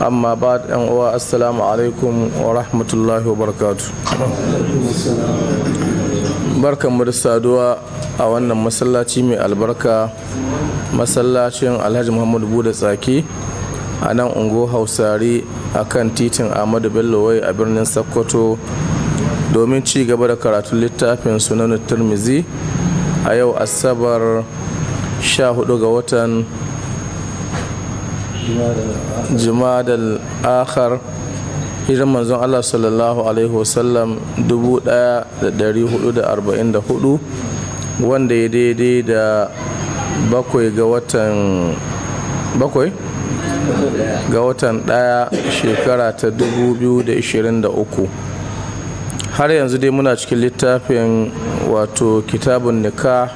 amma ba ɗan uwa assalamu alaikum wa rahmatullahi wa barakatu mu da saduwa a wannan masallaci mai albarka masallacin alhaji muhammadu buda tsaki a nan ungo hausari a kan titin ahmadu bello wai a birnin sokoto domin ci gaba da karatun littafin sunanin turmizi a yau asabar 14 ga watan jumadal akhar hijirar manzon Allah sallallahu alaihi wasallam 1444 wanda ya daidai da bakwai ga watan bakwai ga watan daya shekara ta 2023 har yanzu dai muna cikin littafin wato kitabun nikah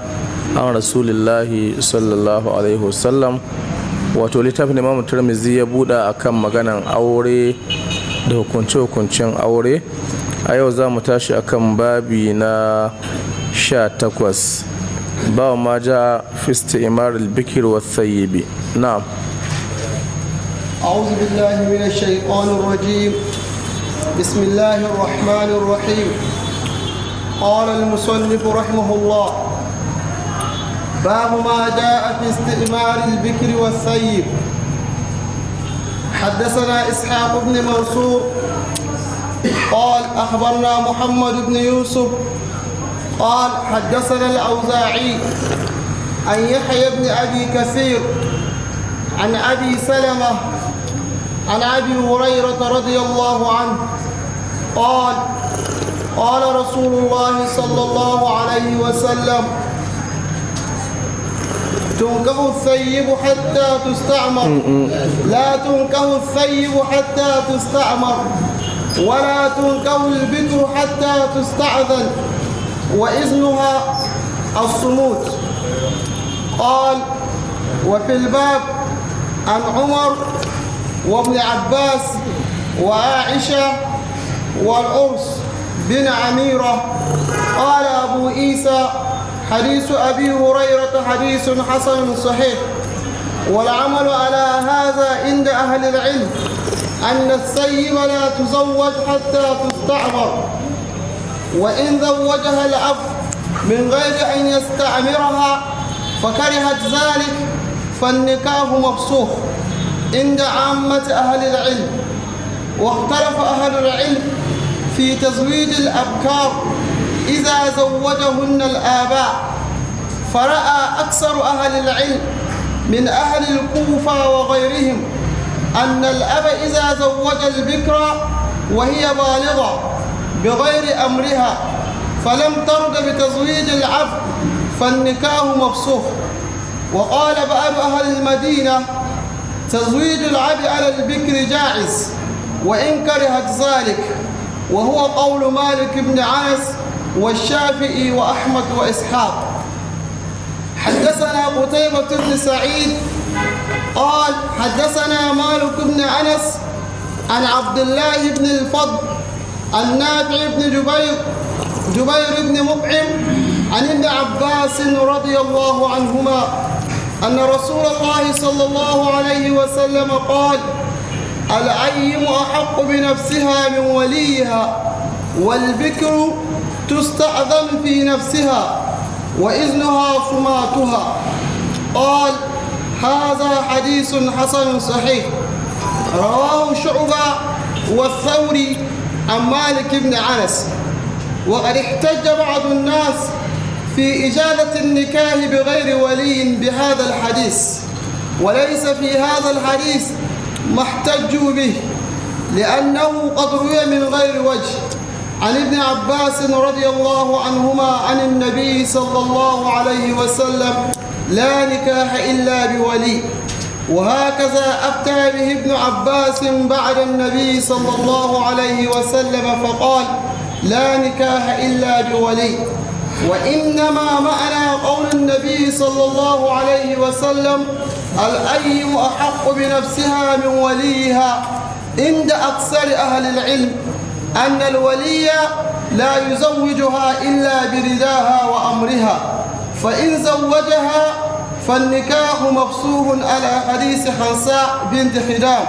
an rasulillahi sallallahu alaihi wasallam wato littafin imamu turmizi ya buɗa kan maganan aure da hukunce-hukuncen aure a yau za mu tashi a kan babi na 18 ba ma ja fista imar bikir wa tsayibi na أعوذ بالله من الشيطان الرجيم بسم الله الرحمن الرحيم قال المصنف رحمه الله باب ما جاء في استئمار البكر والسيف حدثنا إسحاق بن منصور قال أخبرنا محمد بن يوسف قال حدثنا الأوزاعي عن يحيى بن أبي كثير عن أبي سلمة عن أبي هريرة رضي الله عنه قال قال رسول الله صلى الله عليه وسلم تنكه الثيب حتى تستعمر لا تنكه الثيب حتى تستعمر ولا تنكه البتر حتى تستعذل وإذنها الصمود قال وفي الباب عن عمر وابن عباس وعائشة والعرس بن عميرة قال أبو عيسى حديث أبي هريرة حديث حسن صحيح والعمل على هذا عند أهل العلم أن السيب لا تزوج حتى تستعمر وإن زوجها الأب من غير أن يستعمرها فكرهت ذلك فالنكاه مفسوخ عند عامة أهل العلم واختلف أهل العلم في تزويد الأبكار إذا زوجهن الآباء فرأى أكثر أهل العلم من أهل الكوفة وغيرهم أن الأب إذا زوج البكرة وهي بالغة بغير أمرها فلم ترد بتزويج العبد فالنكاه مفسوخ وقال بعض أهل المدينة تزويج العبد على البكر جائز وإن كرهت ذلك وهو قول مالك بن عاص والشافعي وأحمد وإسحاق حدثنا قتيبة بن سعيد قال حدثنا مالك بن أنس عن عبد الله بن الفضل عن نافع بن جبير جبير بن مطعم عن ابن عباس رضي الله عنهما أن رسول الله صلى الله عليه وسلم قال العيم أحق بنفسها من وليها والبكر تستعظم في نفسها وإذنها صماتها قال هذا حديث حسن صحيح رواه شعبة والثوري عن مالك بن أنس وقد احتج بعض الناس في إجازة النكاح بغير ولي بهذا الحديث وليس في هذا الحديث ما احتجوا به لأنه قد روي من غير وجه عن ابن عباس رضي الله عنهما عن النبي صلى الله عليه وسلم لا نكاح إلا بولي وهكذا أفتى به ابن عباس بعد النبي صلى الله عليه وسلم فقال لا نكاح إلا بولي وإنما معنى قول النبي صلى الله عليه وسلم الأيم أحق بنفسها من وليها عند أكثر أهل العلم أن الولي لا يزوجها إلا برداها وأمرها فإن زوجها فالنكاح مفسوح على حديث حنساء بنت خدام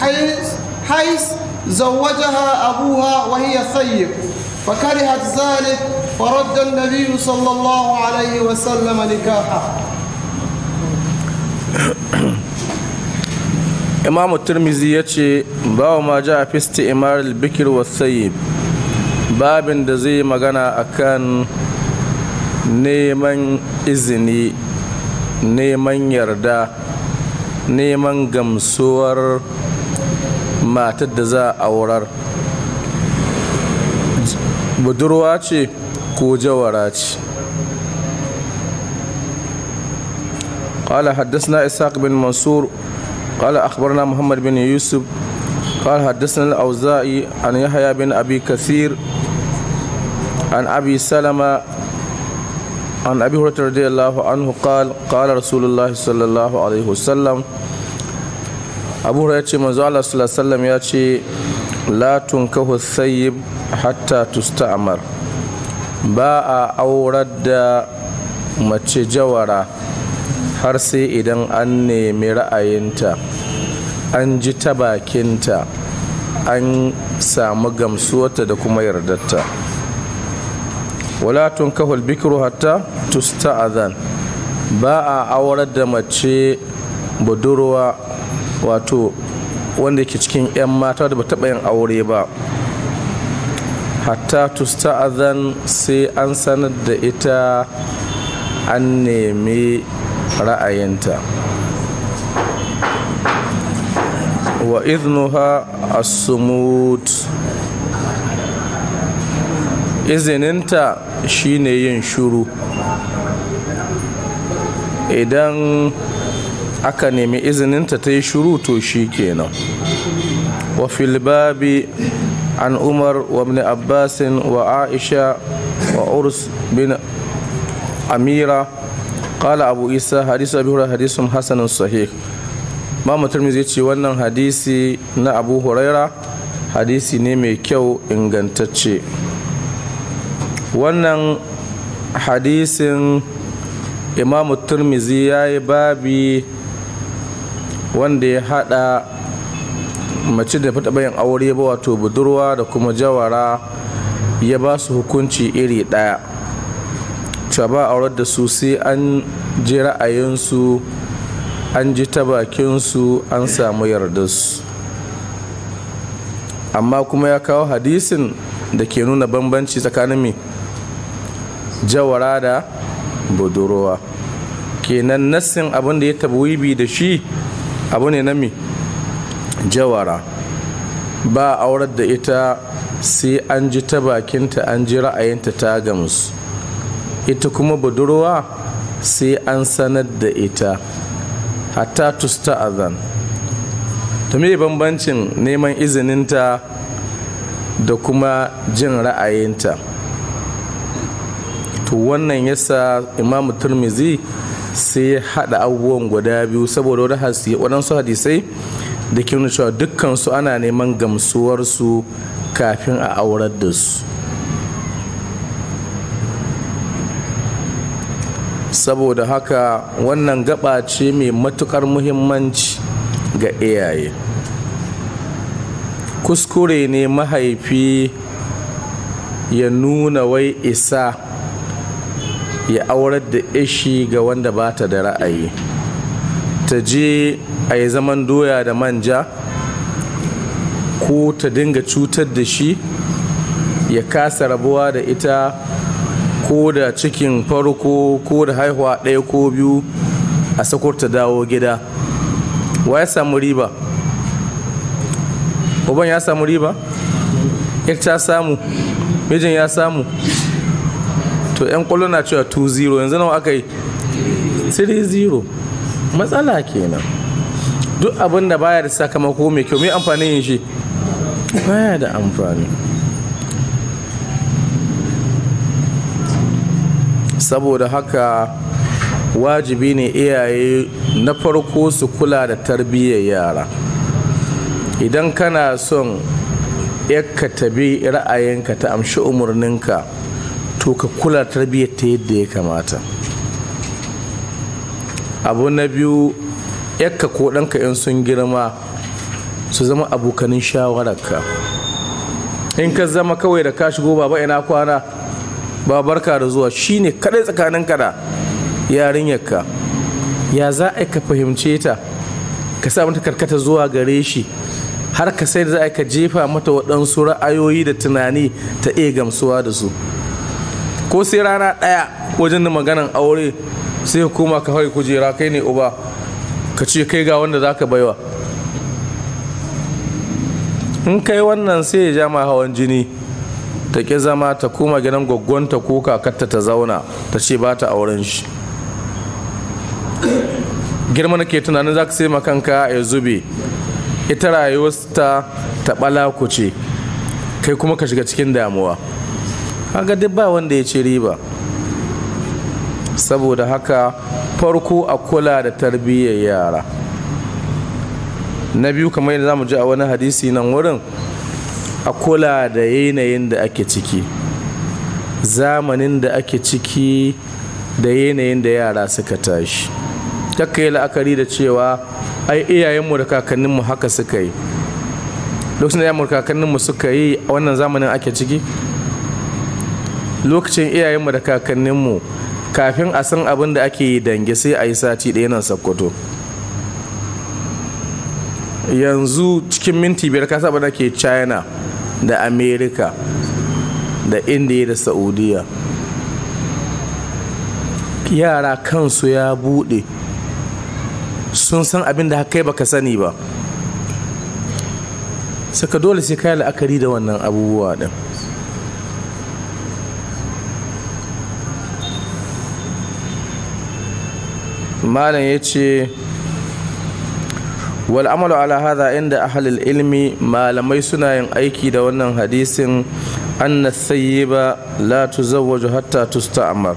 حيث, حيث زوجها أبوها وهي ثيب فكرهت ذلك فرد النبي صلى الله عليه وسلم نكاحه imamu turmizi ya ce bawa ma ja a fisti imar albikir wasai babin da zai magana akan neman izini neman yarda neman gamsuwar matar da za a aurar budurwa ce ko jawara ce قال حدثنا إسحاق بن منصور قال أخبرنا محمد بن يوسف قال حدثنا الأوزاعي عن يحيى بن أبي كثير عن أبي سلمة عن أبي هريرة رضي الله عنه قال قال رسول الله صلى الله عليه وسلم أبو هريرة من زعل صلى الله عليه وسلم يأتي لا تنكه الثيب حتى تستعمر باء أورد متجورة har sai idan an nemi ra'ayinta an ji ta bakinta an samu gamsuwarta da kuma yardarta walatun tun kahul bikiru hatta azan ba a aurar da mace budurwa wato wanda ke cikin 'yan mata da ba taɓa yin aure ba hatta azan sai an sanar da ita an nemi ra'ayinta wa iznuha as-sumut izininta shine yin shuru idan aka nemi izininta ta yi shuru to shi kenan wa filbabi an umar wa mini abbasin wa aisha wa urs bin amira Ƙala abu isa hadisu abu hurairah hadisun hasanun sahih mutum zai ce wannan hadisi na abu huraira hadisi ne mai kyau ingantacce wannan hadisin imamu turmizi ya yi babi wanda ya hada mace da fita bayan aure ba wato budurwa da kuma jawara ya ba su hukunci iri daya cewa ba a da su sai an ji ra'ayinsu an ji ta bakinsu an samu yardarsu amma kuma ya kawo hadisin da ke nuna bambanci tsakanin mai jawara da budurwa kenan nassin abin da ya tabwibi da shi abu ne na mai jawara ba aurar da ita sai an ji ta bakinta an ji ra'ayinta ta gamsu ita kuma budurwa sai an sanar da ita hatta tusta azan to me bambancin neman izininta da kuma jin ra'ayinta to wannan yasa imamu turmizi sai ya haɗa abubuwan guda biyu saboda wani hasi waɗansu hadisai da ke nuna cewa dukkansu ana neman gamsuwarsu kafin a aurar da su saboda haka wannan gaba ce mai matukar muhimmanci ga iyaye kuskure ne mahaifi ya nuna wai isa ya aurar da ishi ga wanda ba ta da ra'ayi ta je a yi zaman doya da manja ko ta dinga cutar da shi ya kasa rabuwa da ita ko da cikin farko ko da haihuwa ɗaya ko biyu a sakur ta dawo gida wa ya samu riba uban ya samu riba ya ta samu mijin ya samu to 'yan kwallo na cewa 2-0 yanzu nawa aka yi 3-0 matsala kenan duk abin da baya da sakamako mai kyau mai amfani yin shi baya da amfani saboda haka wajibi ne iyaye na farko su kula da tarbiyyar yara idan kana son ka tabi ra'ayinka ta amshi umarninka to ka kula tarbiyyar ta yadda ya kamata abu na biyu yakka ko ɗanka in sun girma su zama abokanin shawararka in ka zama kawai da ka shigo baba ina kwana ba barka da zuwa shine kadai tsakaninka da yarinyarka ya za a ka fahimce ta ka sa mata karkata zuwa gare shi har ka sai da za a ka jefa mata waɗansu ra'ayoyi da tunani ta iya gamsuwa da su ko sai rana ɗaya wajen da maganan aure sai kuma ka hau kujera kai ne uba ka ce kai ga wanda za ka baiwa in kai wannan sai ya ja ma hawan jini ta ƙi zama ta koma gidan gwaggonta ko kakarta ta zauna ta ce ba ta auren shi girma na ke tunanin za ka sai makanka ya zube ita rayuwarta ta ɓalaku ce kai kuma ka shiga cikin damuwa haka duk ba wanda ya ci riba saboda haka farko a kula da tarbiyyar yara na biyu kamar yadda za mu ji a wani hadisi nan wurin a kula da yanayin da ake ciki zamanin da ake ciki da yanayin da yara suka tashi kakka yi la'akari da cewa ai iyayenmu da kakanninmu haka suka yi lokacin da iyayenmu da kakanninmu suka yi a wannan zamanin ake ciki lokacin iyayenmu da kakanninmu kafin a san abin da ake yi dange sai a yi sati ɗaya nan sakkwato yanzu cikin minti biyar kasa ba da ke china da amerika da indiya da saudiya yara kansu ya bude. sun san abin da kai baka sani ba saka dole sai kayi la'akari da wannan abubuwa din malam ya ce wal amalu ala hadha inda ahlul ilmi malamai suna yin aiki da wannan hadisin anna sayyiba la tuzawwaju hatta tusta'mar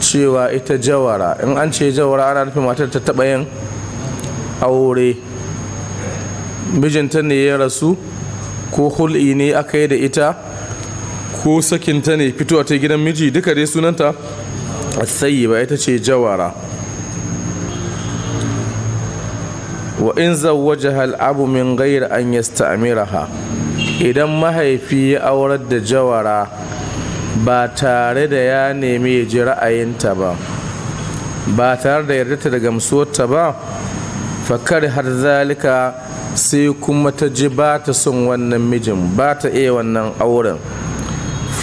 cewa ita jawara in an ce jawara ana nufin matar ta taba yin aure mijinta ne ya rasu ko hul'i ne aka yi da ita ko sakinta ne fitowa ta gidan miji duka dai sunanta sayyiba ita ce jawara wa in zawwajaha al'abu min ghayr an yasta'miraha idan mahaifi ya aurar da jawara ba tare da ya nemi ya ji ra'ayinta ba ba tare da yarda ta da gamsuwarta ba fakar har zalika sai kuma ta ji ba ta son wannan mijin ba ta iya wannan auren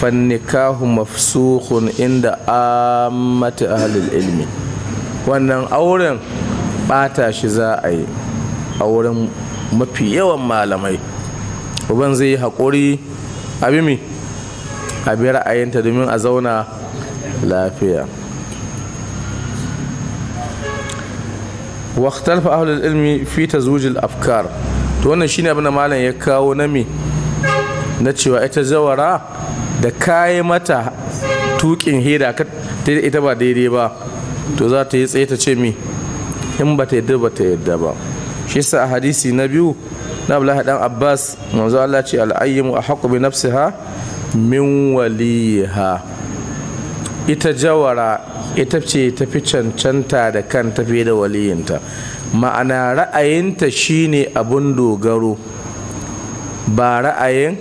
fannikahu mafsuhun inda ammati ahlul ilmi wannan auren bata shi za a yi a wurin mafi yawan malamai uban zai yi haƙuri abimi abi ra'ayinta domin a zauna lafiya waktar fa'ahul ilmi fi ta zujil afkar to wannan shine abin da malam ya kawo na mi na cewa ita zawara da kayi mata tukin hira ita ba daidai ba to za ta yi tsaye ta ce mi in ba ta yadda ba ta yadda ba shi sa a hadisi na biyu na Abdullahi dan Abbas manzo Allah ce al a ahqqu bi nafsiha min waliha ita jawara ita ce ta fi cancanta da kan tafi da waliyinta ma'ana ra'ayinta shine abun dogaro ba ra'ayin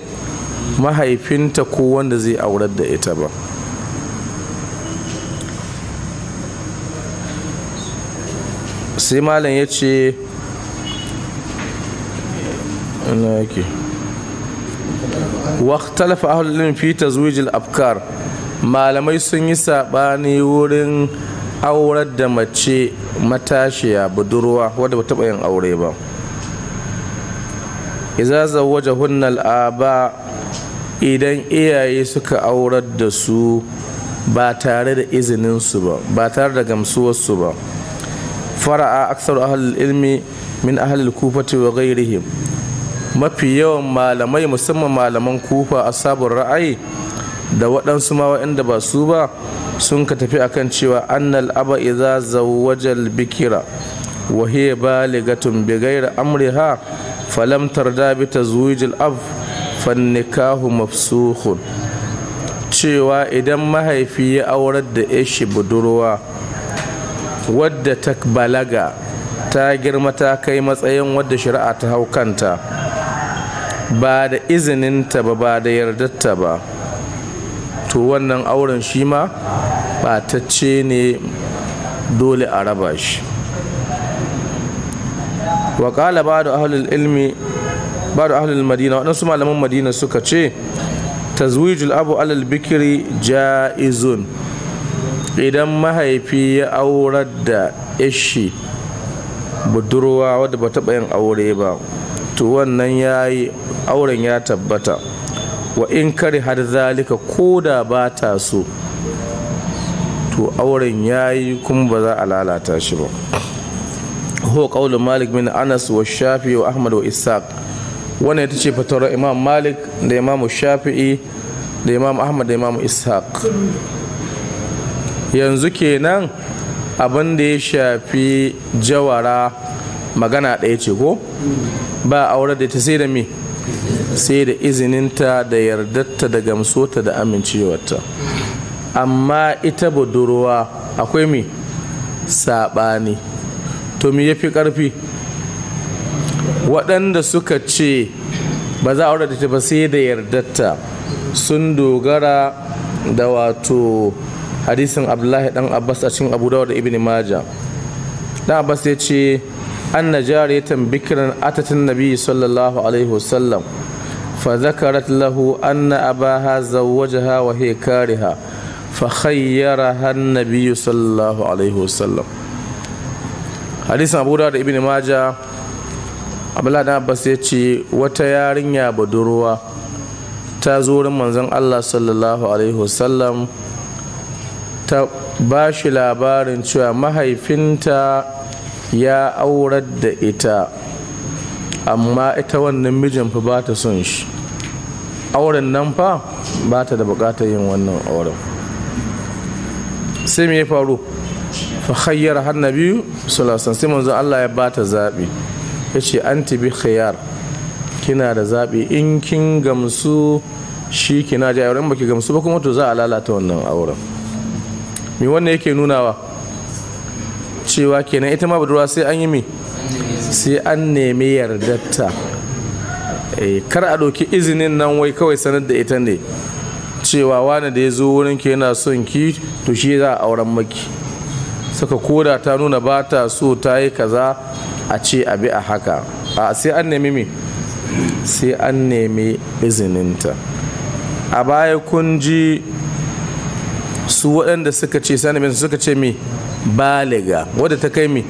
mahaifinta ko wanda zai aurar da ita ba sai malam ya ce ina yake waktalafa ahlulilm fi tazwijil afkar malamai sun yi saɓani wurin aurar da mace matashiya budurwa wadda ba taɓa yin aure ba iza zawaja hunnal aba idan iyaye suka aurar da su ba tare da izininsu ba ba tare da gamsuwarsu ba fara'a aksar ahalil ilmi min ahalil kufati wa gairihim mafi yawan malamai musamman malaman kufa a sabon ra'ayi da waɗansu ma inda ba su ba sun ka tafi akan cewa annal aba iza zawajal bikira wa hiya baligatun bi ghairi amriha falam tarda bi tazwijil ab fan nikahu cewa idan mahaifi ya aurar da ishi budurwa wadda ta balaga ta girma ta kai matsayin wadda shari'a ta hau kanta ba da izininta ba ba da yardarta ba to wannan auren shi ma ɓatacce ne dole a raba shi waƙala ba da ahalul ilmi ba da ahalul madina waɗansu malaman madina suka ce tazwijul abu alal bikiri ja'izun idan mahaifi ya aurar da ishi budurwa wadda ba taɓa yin aure ba to wannan ya yi auren ya tabbata wa in kare har zalika ko da ba ta so to auren ya yi kuma ba za a lalata shi ba ho ƙaunar malik min anas wa shafi wa ahmad wa ishaq wannan ita ce fatawar imam malik da imam shafi'i da imam ahmad da imam ishaq yanzu kenan abin da ya shafi jawara magana ɗaya ce ko ba aure da ta sai da me sai da izininta da yardarta da gamsota da amincewarta amma ita budurwa akwai mi saɓani to me ya fi ƙarfi waɗanda suka ce ba za a aure da ta ba sai da yardarta sun dogara da wato hadisin abdullahi ɗan abbas a cikin abu da ibn maja dan abbas ya ce أن جارية بكرا أتت النبي صلى الله عليه وسلم فذكرت له أن أباها زوجها وهي كارهة فخيرها النبي صلى الله عليه وسلم حديث أبو داود ابن ماجه abdullahi da abbas ya ce wata yarinya budurwa ta zo wurin manzon allah sallallahu alaihi wasallam ta ba shi labarin cewa mahaifinta ya aurar da ita amma ita wannan mijin fa ba ta son shi auren nan fa ba ta da bukatar yin wannan auren sai me ya faru fa khayyara hannabi biyu sai manzo Allah ya ba ta zaɓi. zabi yace anti bi khiyar kina da zaɓi in kin gamsu shi kina ji auren baki gamsu ba kuma to za a lalata wannan auren me wannan yake nunawa cewa kenan ita ma budurwa sai an yi mi sai an nemi yardarta eh, kar a ɗauki izinin nan wai kawai sanar da ita ne cewa wani da ya zo wurin ke yana son ki to shi za a auren maki saka koda ta nuna ba ta so ta yi kaza a ce abi a haka a sai an nemi mi sai an nemi izininta a baya kun ji su waɗanda suka ce sanabin suka ce mi baliga wadda ta kai mi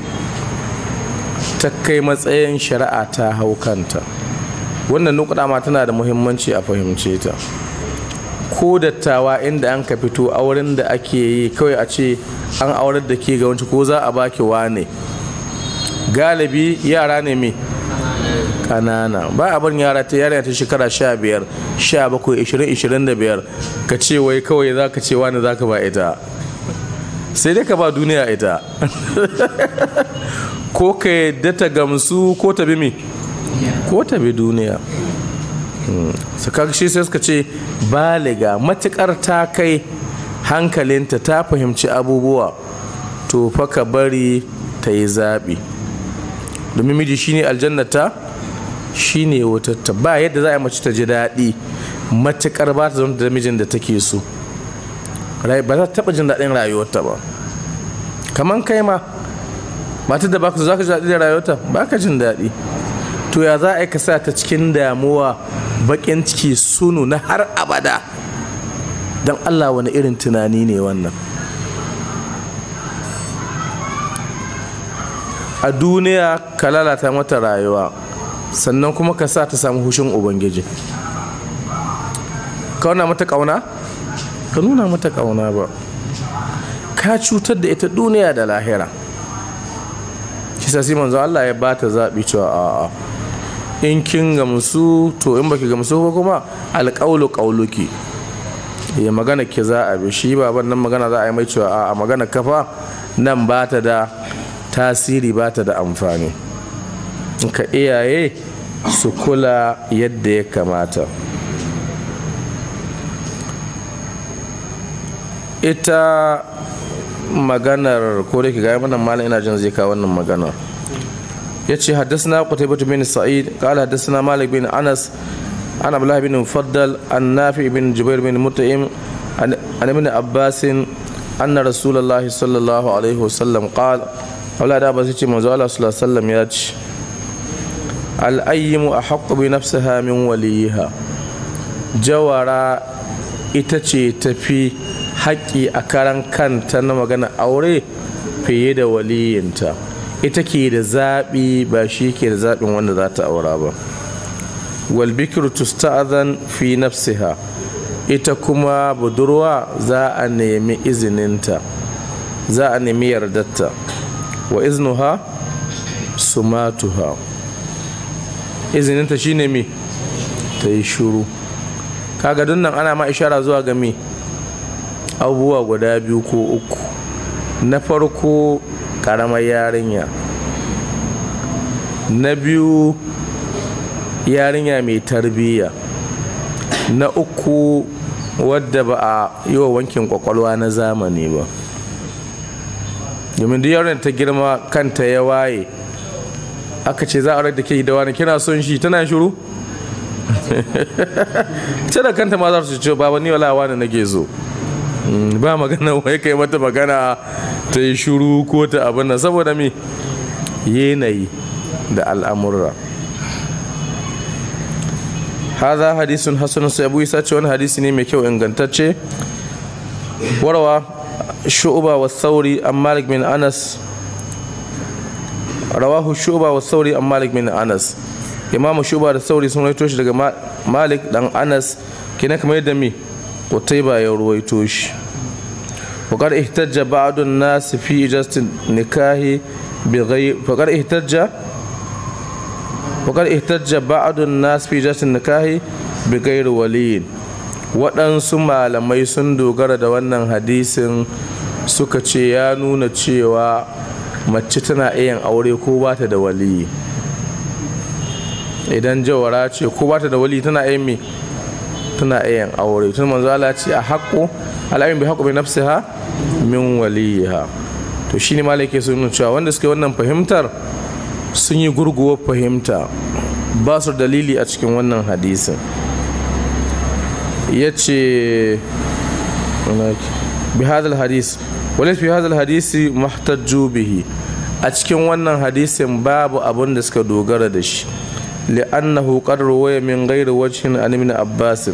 ta kai matsayin shari'a ta hau kanta wannan nukuda ma tana da muhimmanci a fahimce ta ko dattawa inda an ka fito auren da ake yi kawai a ce an aurar da ke ga ko za a baki wane galibi yara ne me kanana ba a bar yara ta yara ta shekara sha biyar sha bakwai ishirin ishirin da biyar ka ce wai kawai za ka ce wani za ka ba ita sai dai ka ba duniya ita ko ka yadda ta gamsu ko ta bi mi ko ta duniya hmm. su shi sai suka ce baliga matukar ta kai hankalinta ta fahimci abubuwa to fa ka bari ta yi zaɓi domin miji shine aljannata shine wata ta ba yadda za a yi mace ta ji daɗi matukar ba ta zama da mijin da take so ba za ta taɓa jin daɗin rayuwarta ba kamar kai ma matar da baka za ka ji daɗi da rayuwarta ba ka jin daɗi to ya za a yi ka sa ta cikin damuwa baƙin ciki sunu na har abada don allah wani irin tunani ne wannan a duniya ka lalata mata rayuwa sannan kuma ka sa ta samu hushin ubangiji kauna mata kauna ka nuna mata kauna ba ka cutar da ita duniya da lahira shi sai manzo Allah ya bata zaɓi cewa a'a in kin gamsu to in baki gamsu ba kuma alƙaulu ƙauluki ya magana ke za a bi shi baban nan magana za a yi mai cewa a'a magana kafa nan bata da tasiri bata da amfani ka iyaye su kula yadda ya kamata ita maganar ko kore ki gaya manan malam ina jin zai kawo wannan magana ya ce haddasa na bin sa'id kala haddasa na malik bin anas ana abdullahi bin fadal an nafi bin jubair bin mutaim an ibn abbasin an na rasulallah sallallahu alaihi wasallam qala wala da ba zai ce manzo ala sallallahu sallam ya ce al'ayyimu a haƙƙo bi nafsaha min waliyiha jawara ita ce ta fi haƙƙi a karan kanta na magana aure fiye da waliyinta ita ke da zaɓi ba shi ke da zaɓin wanda za ta aura ba walbikir tusta'azan fi nafsiha ita kuma budurwa za a nemi izininta za a nemi yardatta wa iznuha sumatuha izininta shine mi ta yi shuru kaga dunnan ana ma ishara zuwa game. abubuwa guda biyu ko uku na farko karamar yarinya na biyu yarinya mai tarbiyya na uku wadda ba a yi wa wankin kwakwalwa na zamani ba domin duk ta girma kanta ya waye aka ce za a da ke da wani kina son shi tana shiru ce da kanta ma za su ce baba ni wala wani nake zo mm, ba magana wai kai mata magana ta yi shuru ko ta abin nan saboda me yanayi da al'amurra haza hadisun hasanun sai abu isa ce wani hadisi ne mai kyau ingantacce warawa shu'uba wa sauri an malik min anas rawahu shu'uba wa sauri an malik min anas imamu shuba da sauri sun rawaito shi daga malik dan anas kina kamar yadda mi qutayba ya rawaito shi وقد احتج بعض الناس في إجازة النكاح بغير فقد waɗansu malamai sun dogara da wannan hadisin suka ce ya nuna cewa mace tana iya aure ko ba ta da waliyi idan jawara ce ko ba ta da wali tana yin me tana yin aure tun manzo Allah ce a haqqo al'ayyin bi haqqo bi nafsiha min waliha to shine malaike sun nuna cewa wanda suke wannan fahimtar sun yi gurguwar fahimta ba su dalili a cikin wannan hadisin ya ce bi hadal hadis wani fi hadal hadisi mahtajju bihi a cikin wannan hadisin babu abin da suka dogara da shi li'annahu qad ruwaya min ghairi wajhin an ibn abbas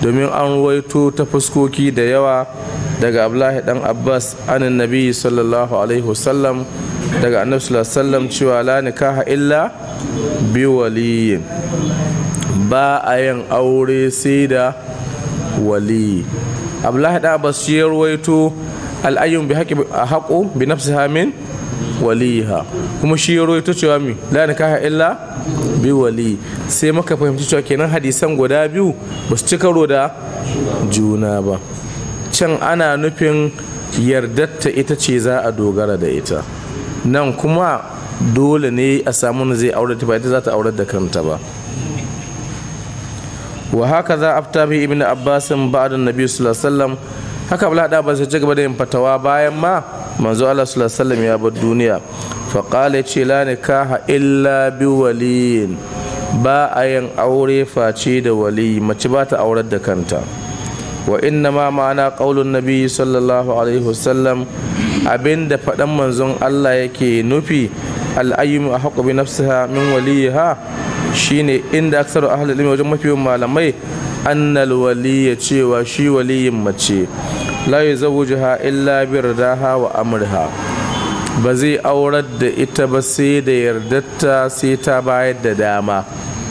domin an ruwaito ta fuskoki da yawa daga abdullahi dan abbas anin nabi sallallahu alaihi wasallam daga annabi sallallahu alaihi wasallam cewa la nikaha illa bi waliyin ba a yin aure sai da wali abdullahi dan abbas shi ya ruwaito al'ayyun bi haqqi bi nafsi min waliha kuma shi ya ta cewa mi la nikaha illa bi wali sai muka fahimci cewa kenan hadisan guda biyu ba su ci karo da juna ba can ana nufin yardatta ita ce za a dogara da ita nan kuma dole ne a samu zai aure ta ba ita za ta aurar da kanta ba wa haka za afta bi ibn abbasin ba'da nabi sallallahu alaihi wasallam haka bala da ba sai ci gaba da yin fatawa bayan ma manzo Allah sallallahu alaihi wasallam ya bar duniya fa qala ce la nikaha illa bi waliyin ba a yin aure face da wali mace ba ta aurar da kanta wa inna ma ma'ana qaulun nabi sallallahu alaihi wasallam abinda faɗan manzon Allah yake nufi al'ayyumu a haƙo bi nafsiha min waliyiha shine inda aksaru ahli ilmi wajen mafi malamai annal waliya cewa shi waliyin mace la yuzawwijuha illa bi hawa wa amriha ba zai aurar da ita ba sai da yardatta sai ta bayar da dama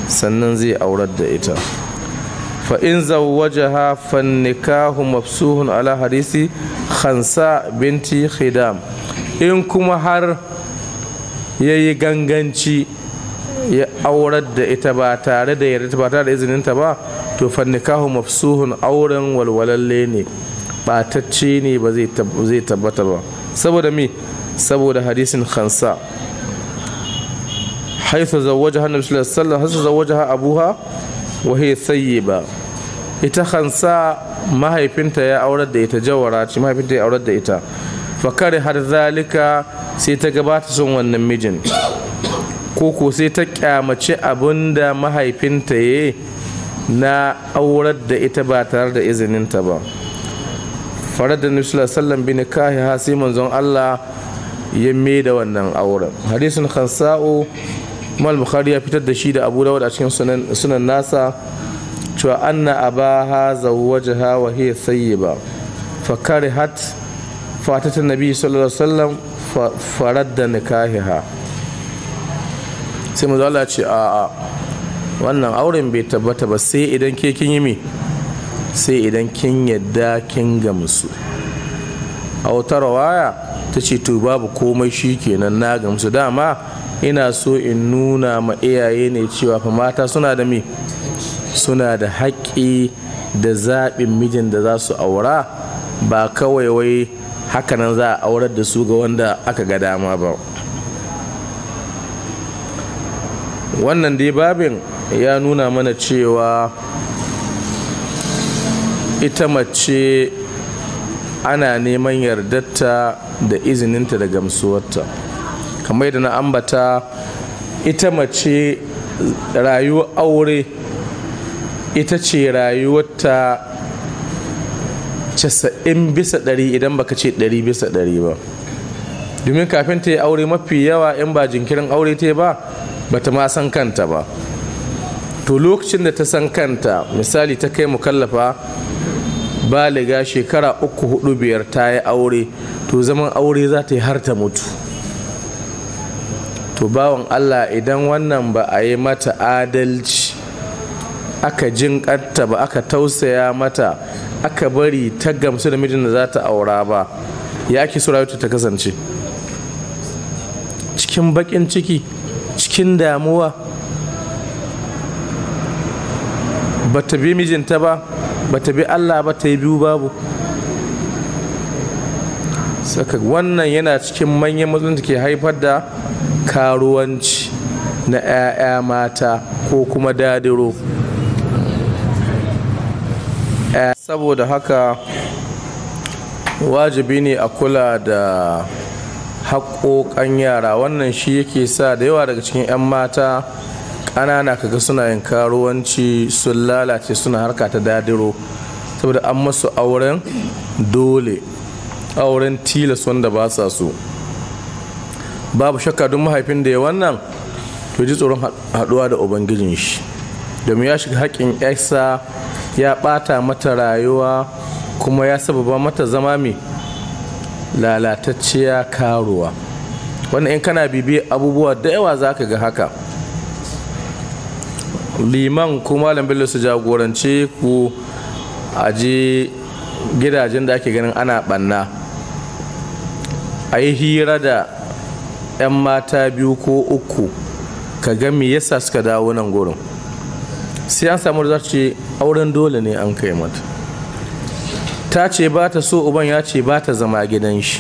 sannan zai aurar da ita fa in zawwajaha fan nikahu mafsuhun ala hadisi khansa binti khidam in kuma har yayi ganganci ya aurar da ita ba tare da yardatta ba tare da izininta ba to fan nikahu mafsuhun auren walwalalle ne batacce ne ba zai tabbata ba saboda mi saboda hadisin khansa haitha zawajaha nabi sallallahu sallar wasallam haitha ha abuha wa tsaye ba. ita khansa mahaifinta ya aurar da ita jawara ce mahaifinta ya aurar da ita Fakari har zalika sai ta gabata son wannan mijin koko sai ta kyamaci abin da mahaifinta ya na aurar da ita ba tare da izininta ba Faradda da nusula sallan bi kahi ha sai manzon Allah ya me da wannan auren hadisun khansa'u mal bukhari ya fitar da shi da abu dawud a cikin sunan nasa cewa anna abaha zawwajaha wa hiya sayyiba fa karihat fatata annabi sallallahu alaihi wasallam faradda nikahiha sai manzo Allah ce ce a'a wannan auren bai tabbata ba sai idan ke kin yi mi sai idan kin yadda kin gamsu a wata rawaya ta ce to babu komai shi kenan na gamsu dama ina so in nuna ma iyaye ne cewa fa mata suna da me suna da haƙƙi da zaɓin mijin da za su aura ba kawai wai hakanan za a aurar da su ga wanda aka ga dama ba wannan dai babin ya nuna mana cewa ita mace ana neman yardarta da izininta da gamsuwarta kamar da na ambata ita mace rayuwar aure ita ce rayuwarta casa'in bisa ɗari idan baka ce ɗari bisa ɗari ba domin kafin ta yi aure mafi yawa in ba jinkirin aure ta ba bata ma san kanta ba to lokacin da ta san kanta misali ta kai mukallafa baliga shekara uku hudu biyar ta yi aure to zaman aure za ta yi har ta mutu to bawan allah idan wannan ba a yi mata adalci aka jinƙanta ba aka tausaya mata aka bari ta gamsu da mijin da za ta aura ba ya ake so ta kasance cikin baƙin ciki cikin damuwa ba ta bi mijinta ba bata bi Allah ba ta yi biyu babu saka wannan yana cikin manyan matsalolin da ke haifar da karuwanci na 'ya'ya mata ko kuma dadiro saboda haka wajibi ne a kula da haƙoƙan yara wannan shi yake sa da yawa daga cikin 'yan mata ƙanana kaga suna yin karuwanci sun lalace suna harka ta dadiro saboda an masu auren dole auren tilas wanda ba sa so babu shakka don mahaifin da ya wannan to ji tsoron haduwa da ubangijin shi domin ya shiga haƙƙin yasa ya ɓata mata rayuwa kuma ya sababa mata zama mai lalatacciya karuwa wannan in kana bibi abubuwa da yawa za ka ga haka liman ko malam bello su jagorance ku a ji gidajen da ake ganin ana banna a yi hira da 'yan mata biyu ko uku ka ga me yasa suka dawo nan gurin sai an samu da ce auren dole ne an kai mata ta ce ba ta so uban ya ce ba ta zama gidan shi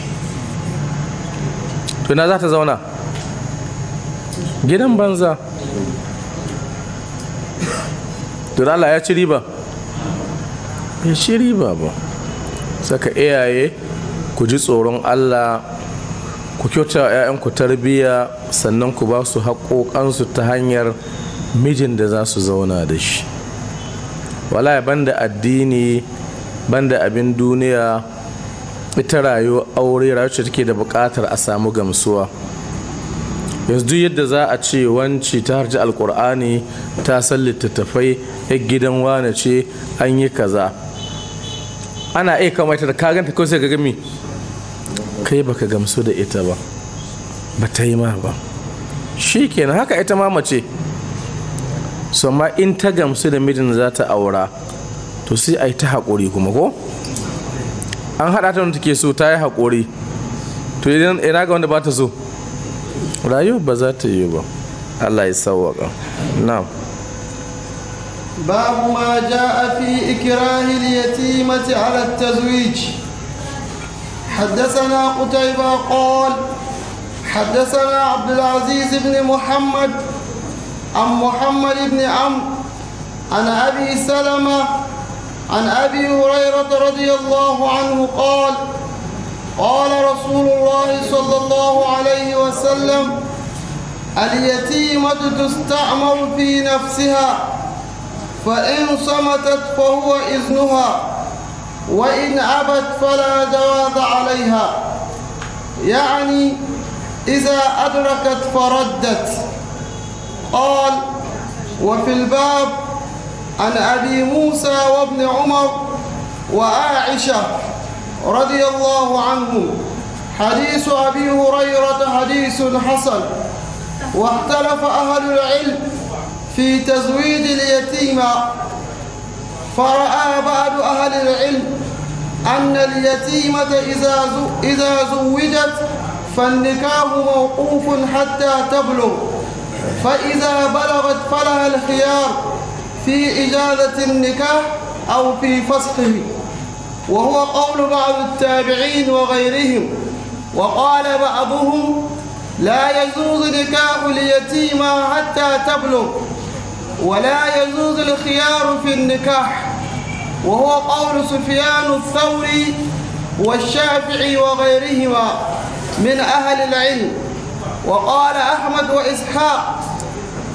tuna za ta zauna gidan banza to Allah ya ci riba ya ci riba ba saka iyaye ku ji tsoron Allah ku kyauta ‘ya'yanku tarbiyya sannan ku ba su haƙoƙansu ta hanyar mijin da za su zauna da shi wala banda addini banda abin duniya ita rayuwa aure rayuwa take da buƙatar a samu gamsuwa yanzu duk yadda za a ce wanci ta harji alkur'ani ta san littattafai ya gidan wane ce an yi kaza ana iya kamata da kaganta kawai sai ka gami kai baka gamsu da ita ba ba ta yi ma ba shi kenan haka ita ma mace su ma in ta gamsu da mijin za ta aura to sai a yi ta haƙuri kuma ko an haɗa ta wanda take so ta yi haƙuri to idan ina ga wanda ba ta so rayu ba za ta yi ba Allah ya جاء na'am babu ma jaa fi yatimati ala tazwij حدثنا قتيبة قال حدثنا عبد العزيز بن محمد عن محمد بن عمرو عن أبي سلمة عن أبي هريرة رضي الله عنه قال قال رسول الله صلى الله عليه وسلم اليتيمة تستعمر في نفسها فإن صمتت فهو إذنها وإن أبت فلا جواز عليها يعني إذا أدركت فردت قال وفي الباب عن أبي موسى وابن عمر وعائشة رضي الله عنه حديث أبي هريرة حديث حسن واختلف أهل العلم في تزويد اليتيمة فرأى بعض أهل العلم أن اليتيمة إذا إذا زوجت فالنكاح موقوف حتى تبلغ فإذا بلغت فلها الخيار في إجازة النكاح أو في فسخه وهو قول بعض التابعين وغيرهم وقال بعضهم لا يجوز نكاح اليتيمة حتى تبلغ ولا يجوز الخيار في النكاح وهو قول سفيان الثوري والشافعي وغيرهما من أهل العلم وقال أحمد وإسحاق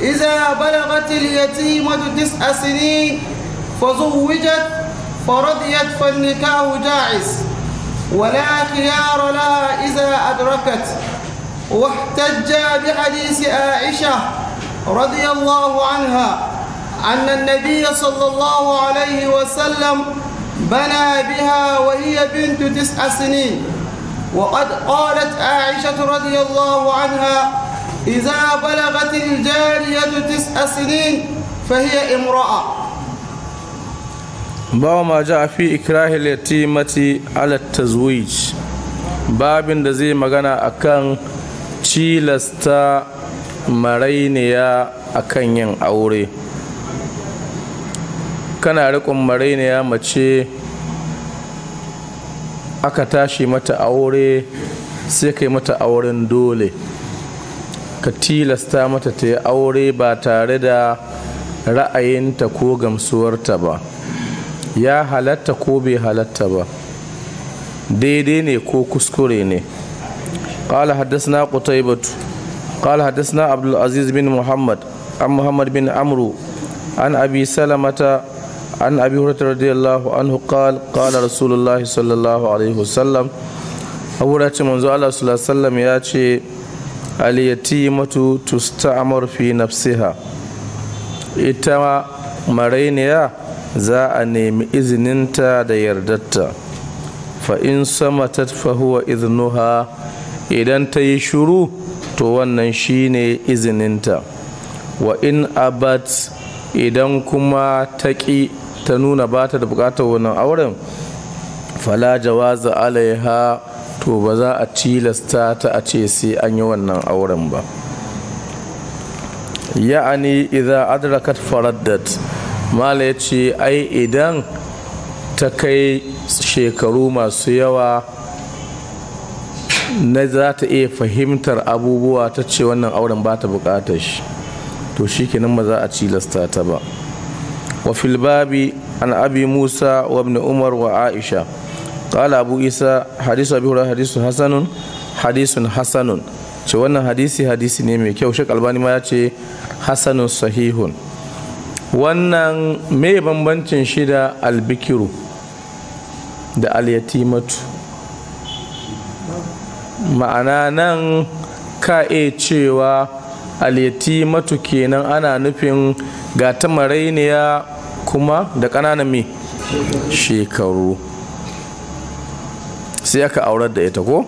إذا بلغت اليتيمة تسع سنين فزوجت فرضيت فالنكاح جاعز ولا خيار لها إذا أدركت واحتج بحديث عائشة رضي الله عنها أن النبي صلى الله عليه وسلم بنى بها وهي بنت تسع سنين وقد قالت عائشة رضي الله عنها إذا بلغت الجارية تسع سنين فهي امرأة bawa ma ja fi ikrahil yatimati ala tazwij babin da zai magana akan cilasta marainiya akan yin aure kana rikon marainiya mace aka tashi mata aure sai kai mata auren dole ka tilasta mata ta yi aure ba tare da ra'ayinta ko gamsuwarta ba ya halatta ko bai halatta ba daidai ne ko kuskure ne قال حدثنا قتيبة قال حدثنا عبد العزيز بن محمد عن محمد بن عمرو عن أبي سلمة عن أبي هريرة رضي الله عنه قال قال رسول الله صلى الله عليه وسلم أبو هريرة منذ الله صلى الله عليه وسلم يأتي اليتيمة تستعمر في نفسها إتما مرينيا za a nemi izininta da yardarta fa in sama ta fahuwa iznuha idan ta yi shuru to wannan shi ne izininta wa in abat idan kuma ta ƙi ta nuna ba ta da bukatar wannan auren fala jawaza alaiha to ba za a tilasta ta a ce sai an yi wannan auren ba ya'ani idza adrakat faraddat mala ya ce ai idan ta kai shekaru masu yawa na za ta iya fahimtar abubuwa ta ce wannan auren ba ta bukata shi to shi kenan ba za a cilasta ta ba wa filbabi an abi musa wa ibn umar wa aisha قال أبو إيسى حديث أبي هريرة حديث حسن حديث حسن ce wannan hadisi hadisi ne mai kyau shakalbani albani ma ya ce hasanun sahihun wannan me bambancin shida da albikiru da alyatimatu ma'ana nan ka e cewa alyatimatu kenan ana nufin ga ta marainiya kuma da ƙananan me shekaru sai aka aurar da ita ko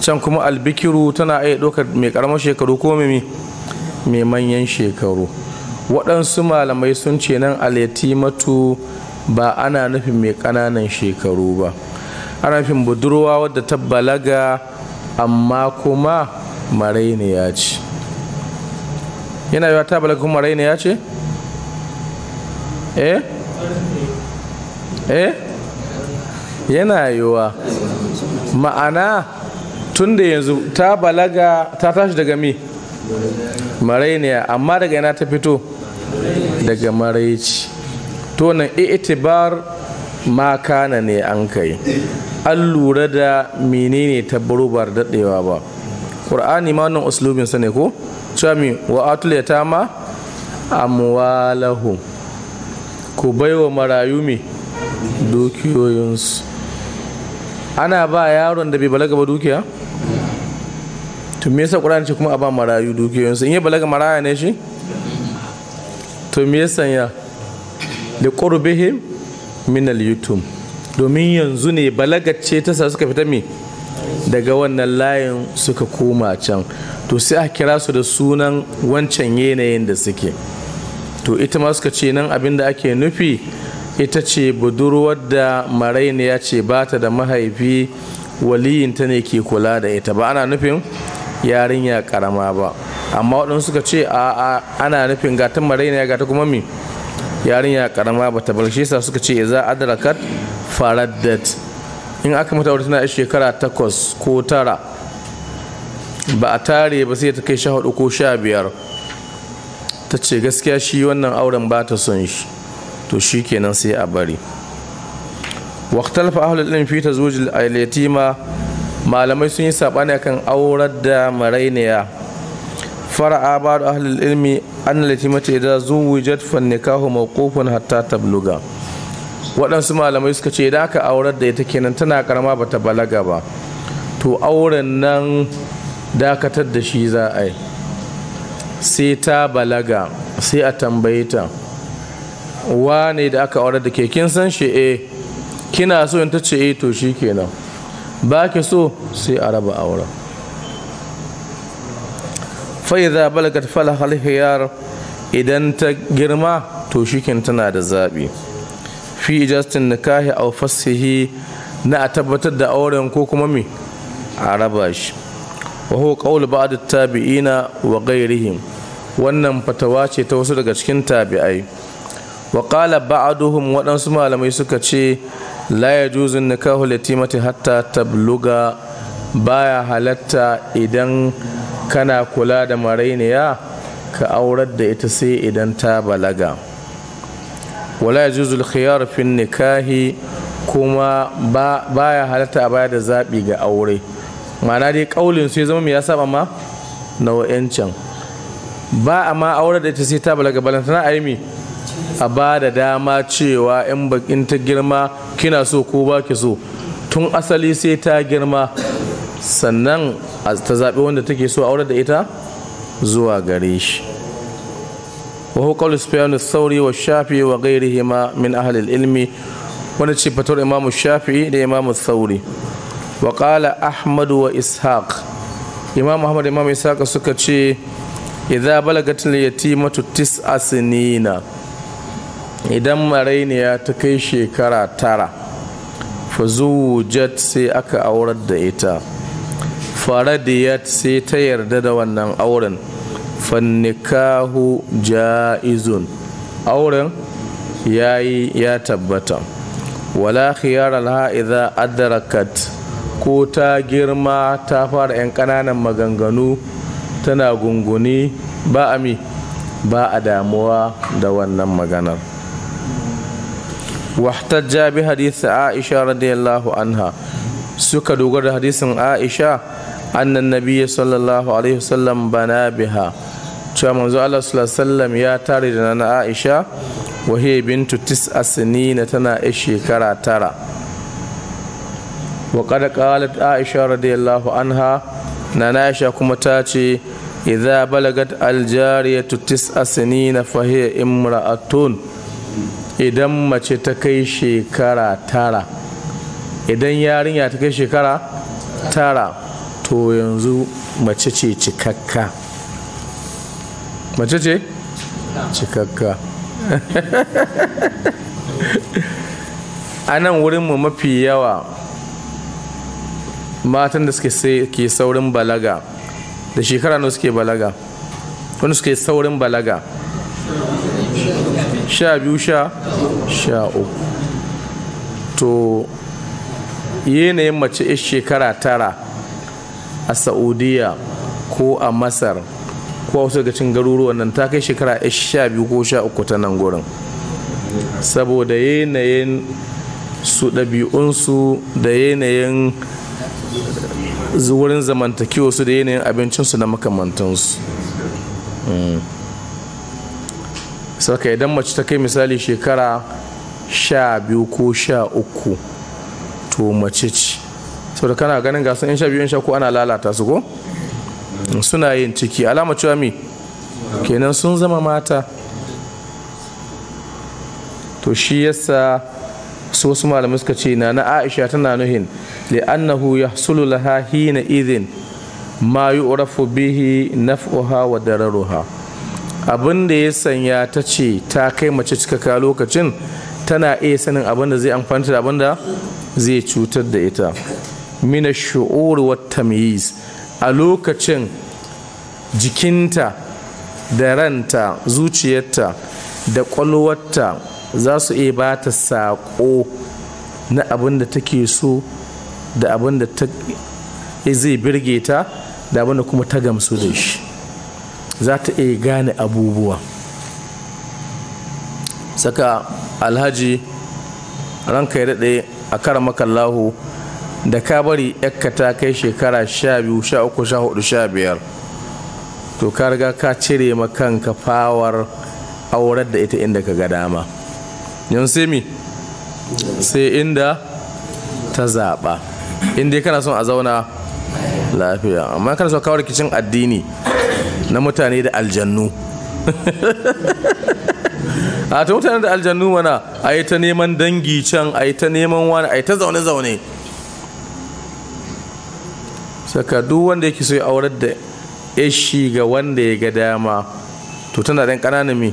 can kuma albikiru tana iya ɗaukar mai ƙaramar shekaru ko mai manyan shekaru waɗansu malamai sun ce nan alyatimatu ba ana nufin mai ƙananan shekaru ba ana nufin budurwa wadda ta balaga amma kuma marainiya ce yana yiwa ta balaga kuma marainiya ce? eh? eh? yana yiwa ma'ana tun da yanzu ta balaga ta tashi daga mi marainiya amma daga yana ta fito daga maraici to nan itibar ma kana ne an kai an lura da menene tabarubar daɗewa ba ƙur'ani ma wannan uslubin sa ne ko cami wa atul ma. Amwalahu. ku baiwa marayu me dukiyoyinsu ana ba yaron da bai balaga ba dukiya to me yasa ƙur'ani ce kuma a ba marayu dukiyoyinsu in yi balaga maraya ne shi to me ya sanya da qurbihim minal domin yanzu ne balagace ta sa suka fita me daga wannan layin suka koma can to sai a kira su da sunan wancan yanayin da suke to ita ma suka ce nan abin da ake nufi ita ce budurwar da ya ce ba ta da mahaifi waliyinta ne ke kula da ita ba ana nufin yarinya karama ba amma waɗansu suka ce a ana nufin gata marainaya gata kuma mi yarinya karama bata bar shi sa suka ce za adrakat faraddat in aka mata wata tana shekara takwas ko tara ba a tare ba sai ta kai sha hudu ko sha biyar ta ce gaskiya shi wannan auren ba ta son shi to shi kenan sai a bari waktar ahlul ɗin fi tazwij al malamai sun yi saɓani a kan aurar da marainiya فرع بعض mace idan أن اليتيمة إذا زوجت فالنكاح موقوف hatta تبلغ waɗansu malamai suka ce da aka aurar da ita kenan tana karama ba ta balaga ba to auren nan dakatar da shi za a yi sai ta balaga sai a tambaye ta wane da aka aurar da ke kin san shi e kina so in ta ce e to shi kenan ba ki so sai a raba auren fa'iza balagat falahal hiyar idan ta girma to shikin tana da zaɓi fi ijastin nikahi a fasihi na a tabbatar da auren ko kuma mi a raba shi wa huwa qawlu ba'd tabi'ina wa ghairihim wannan fatawa ce ta wasu daga cikin tabi'ai wa qala ba'duhum waɗansu malamai suka ce la yajuzu nikahu latimati hatta tabluga baya halatta idan kana kula da marainiya ka aurar da ita sai idan ta balaga wala ya juzul khiyar fin nikahi kuma ba ya halatta a baya da zaɓi ga aure ma'ana dai ƙaulin su ya zama ya saba ma na wa'yancan ba a ma aure da ita sai ta balaga balantana a yi a ba da dama cewa in bakin ta girma kina so ko ba ki so tun asali sai ta girma sannan ta zaɓi wanda take so aure da ita zuwa gare shi wa hukalu sauri wa shafi wa gairi hima min ahalil ilmi wanda ce fatar imamu Shafi da imamu sauri wa qala ahmadu wa ishaq imam ahmad imam ishaq suka ce idza balagat matu yatimatu a sinina idan marainiya ta kai shekara tara fa zuwujat sai aka aurar da ita faradiyat sai ta yarda da wannan auren fannikahu ja'izun auren yayi ya tabbata wala khiyar alha idza ko ta girma ta fara 'yan ƙananan maganganu tana gunguni ba ami ba a damuwa da wannan maganar wahtajja bi hadith aisha radiyallahu anha suka dogara da hadisin aisha annan nabiyya sallallahu alaihi wasallam bana biha cewa manzo Allah sallallahu alaihi wasallam ya tare da nana Aisha wa hiya bintu tis'a sinina tana yar shekara tara wa qad qalat Aisha radiyallahu anha nana Aisha kuma ta ce idza balagat aljariyatu tis'a sinina fa hiya imra'atun idan mace ta kai shekara tara idan yarinya ta kai shekara tara to yanzu mace ce cikakka mace ce cikakka a nan wurinmu mafi yawa matan da suke ke saurin balaga da shekara nawa suke balaga wani suke saurin balaga sha biyu sha sha uku to yanayin mace 'yar shekara tara a saudiya ko a masar ko wasu daga cikin garuruwan nan ta kai shekara 12 biyu ko sha ta nan gurin saboda yanayin su ɗabi'unsu da yanayin wurin zamantakewarsu da yanayin abincinsu na makamantansu mm. saka idan mace ta kai misali shekara sha biyu ko sha uku to mace ce so da kana ganin gasan yan sha biyu yan sha ko ana lalata su ko suna yin ciki alama cewa mi kenan sun zama mata to shi yasa su wasu malamai suka ce na na aisha tana nuhin ya sulu laha hina izin ma urafu bihi naf'uha wa dararuha abin da ya sanya ta ce ta kai mace cikaka lokacin tana iya sanin abin da zai amfanta da abin da zai cutar da ita mina shu'ur wa tamyiz a lokacin jikinta da ranta zuciyarta da ƙwalwarta za su iya ba ta saƙo na abin da take so da abin da zai birge ta da abin da kuma ta gamsu da shi za ta iya gane abubuwa saka alhaji ranka ya daɗe a karamakallahu da ka bari yakka ta kai shekara sha biyu sha uku sha hudu sha biyar to ka riga ka cire ma kanka fawar aurar da ita inda ka ga dama yan sai mi sai inda ta zaɓa inda kana son a zauna lafiya amma kana son kawo rikicin addini na mutane da aljannu a ta mutane da aljannu mana a yi ta neman dangi can a yi ta neman wani a yi ta zaune-zaune saka duk wanda yake so ya aurar da shi ga wanda ya ga dama to tana ɗan ƙananan mi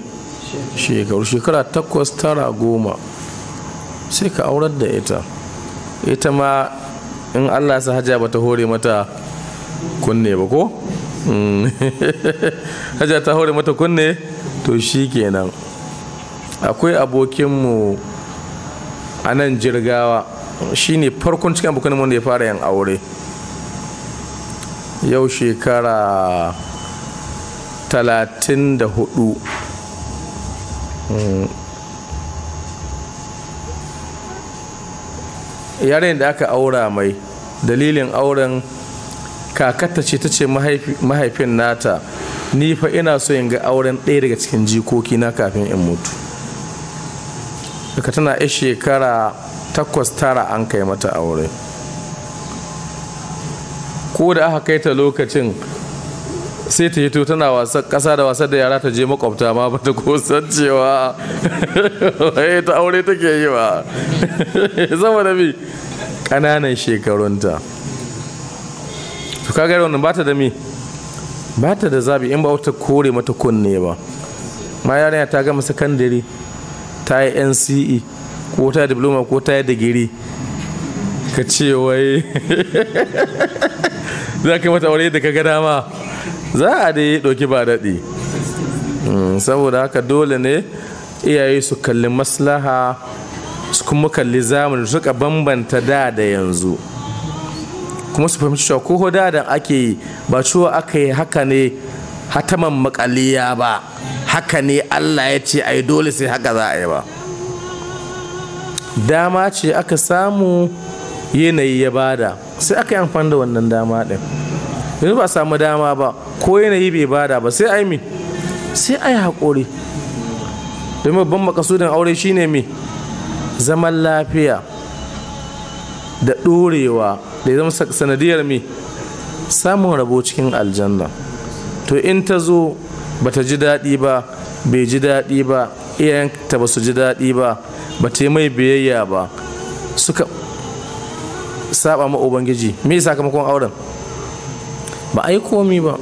shekaru shekara takwas tara goma sai ka aurar da ita ita ma in allah sa hajja ba ta hore mata kunne ba ko mm. hajja ta hore mata kunne to shi kenan akwai abokinmu a nan jirgawa shi ne farkon cikin abokan wanda ya fara yin aure yau shekara talatin da hudu hmm. yaren da aka aura mai dalilin auren kakata ce ta ce mahaifin nata ni fa ina so in ga auren ɗaya daga cikin jikoki na kafin in mutu daga tana 'yar shekara takwas tara an kai mata aure ko da aka kai ta lokacin sai ta hito tana wasa kasa da wasa da yara ta je makwabta ma ba ta kusan cewa wai ta aure take yi ba zama da bi ƙananan shekarunta to kaga wannan ba ta da mi ba ta da zabi in ba ta kore mata kunne ba ma yarinya ta gama sakandare ta yi nce ko ta yi diploma ko ta yi digiri ka ce wai za ka mata aure da ka ga dama za a dai ɗauki ba daɗi mm, saboda haka dole ne iyaye su kalli maslaha su kuma kalli zamani suka bambanta da da yanzu kuma su fahimci cewa ko da da ake yi ba cewa aka yi haka ne hataman makaliya ba haka ne allah ya ce ai dole sai haka za a yi ba dama ce aka samu yanayi ya bada sai aka yi amfani da wannan dama ɗin yanzu ba samu dama ba ko yanayi bai bada ba sai ai min sai ai haƙuri domin babban makasudin aure shine mi zaman lafiya da ɗorewa da ya zama sanadiyar mi samun rabo cikin aljanna to in ta zo ba ta ji daɗi ba bai ji daɗi ba iyayenta ba su ji daɗi ba ba ta yi mai biyayya ba suka saba ma ubangiji me sakamakon auren ba a yi komi ba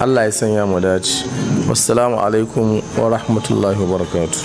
Allah ya sanya mu dace wassalamu alaikum wa rahmatullahi wa barakatuh